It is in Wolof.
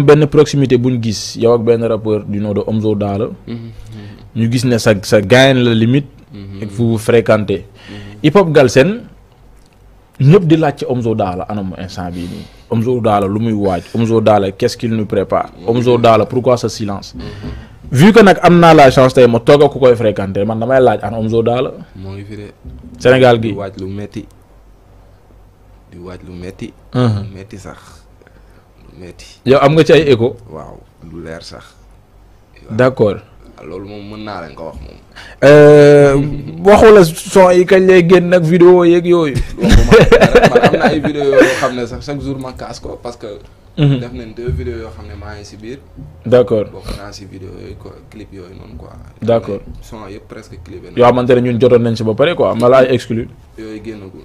ben proximité buñ gis yow ak ben rappeur du nom de Omzo Dollar ñu gis ne sa sa gaayen la limite ak mhm. fu vous fréquentez hip hop Galsen ñep di lacc Omzo Dollar anam instant bi ni Omzo Dollar lu muy waaj Omzo Dollar qu'est-ce qu'il nous prépare Omzo Dollar pourquoi ce silence mhm. vu que nak amna la chance tey ma togo ko koy fréquenter man damay laaj an Omzo Dollar mo ngi fi Sénégal gi waaj lu metti di waaj lu metti mhm. metti sax metti yow am nga ci ay écho. waaw lu leer sax. d'accord. Ah, loolu moom mën naa lañ ko wax moom. Euh, waxu la yi kañ lay génn nag vidéo yeeg yooyu. waxuma am xam ne sax chaque jour ma kaas parce que. Mhm. def nañ deux vidéos yoo xam ne maa ngi si biir. d'accord bokk naa si vidéo yooyu quoi clip yooyu noonu quoi. d'accord son yëpp presque clip. yoo xamante ne ñun jotoon nañ si ba pare quoi mala ay exclu. yooyu génnagul.